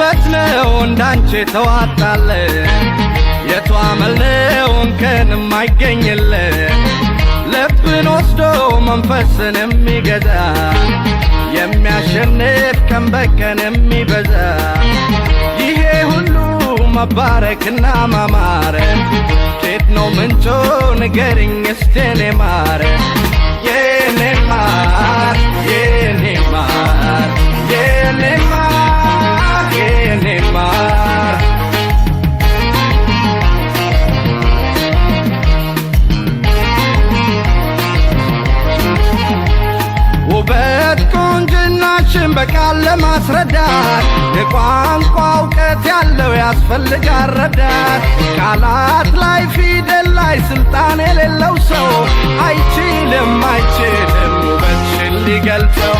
ውበት ነው እንዳንቺ ተዋጣለ የተዋመለውን አመል የማይገኝለ ልብን ወስዶ መንፈስን የሚገዛ የሚያሸንፍ ቀን በቀን የሚበዛ ይሄ ሁሉ መባረክና ማማረ ኬት ነው ምንጮ ንገርኝ እስቴኔ ማረ የኔ ማር የኔ ማር ነገርን በቃል ለማስረዳት የቋንቋ እውቀት ያለው ያስፈልጋል ረዳት። ቃላት ላይ ፊደል ላይ ስልጣን የሌለው ሰው አይችልም አይችልም ውበትሽን ሊገልጸው።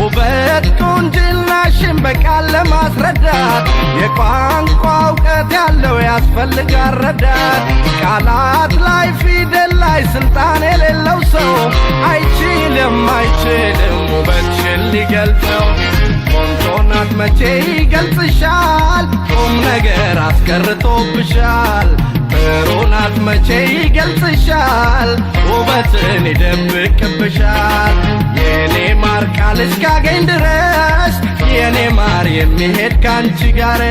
ውበት ቁንጅናሽን በቃል ለማስረዳት የቋንቋ እውቀት ያለው ያስፈልጋል ረዳት። ቃላት ላይ ፊደል ላይ ስልጣን የሌለው ሰው አይች መቼ ይገልጽሻል? ቁም ነገር አስቀርቶብሻል። ጥሩናት መቼ ይገልጽሻል? ውበትን ይደብቅብሻል። የኔ ማር ቃልሽ ካገኝ ድረስ የኔ ማር የሚሄድ ካንቺ ጋር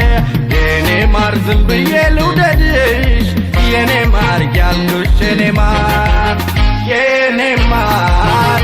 የኔ ማር ዝም ብዬ ልውደድሽ የኔ ማር ያልኩሽ የኔ ማር የኔ ማር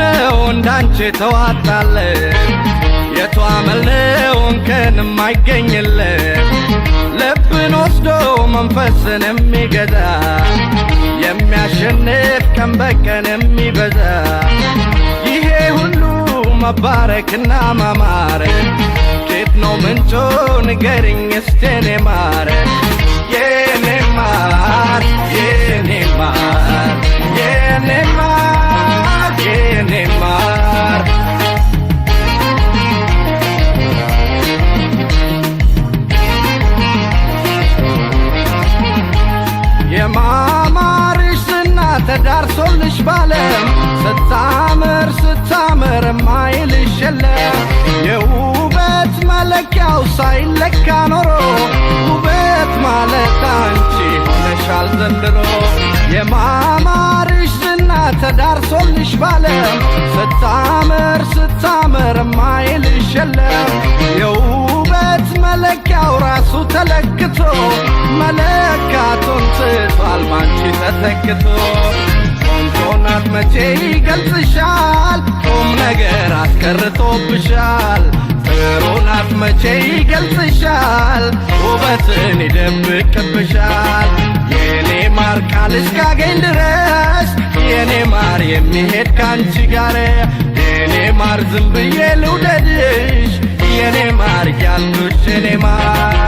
ነው እንዳንቺ ተዋጣለን የቷ መልነው እንከን የማይገኝለን ልብን ወስዶ መንፈስን የሚገዛ የሚያሸንፍ ቀን በቀን የሚበዛ ይሄ ሁሉ መባረክና ማማረ ኬት ነው ምንጮ ንገርኝ እስቴኔ ማረ መለኪያው ሳይለካ ኖሮ ውበት ማለት አንቺ ሆነሻል ዘንድሮ የማማርሽ ዝና ተዳርሶልሽ ባለም ስታምር ስታምር ማይልሽ የለም የውበት መለኪያው ራሱ ተለክቶ መለካቱን ስቷል ባንቺ ተተክቶ ቆንጆናት መቼ ይገልጽሻል ቁም ነገር አስቀርቶብሻል መቼ ይገልጽሻል? ውበትን ይደብቅብሻል። የኔ ማር ቃል እስካገኝ ድረስ የኔ ማር የሚሄድ ካንቺ ጋር የኔ ማር ዝም ብዬ ልውደድሽ የኔ ማር ያልኩሽ የኔ ማር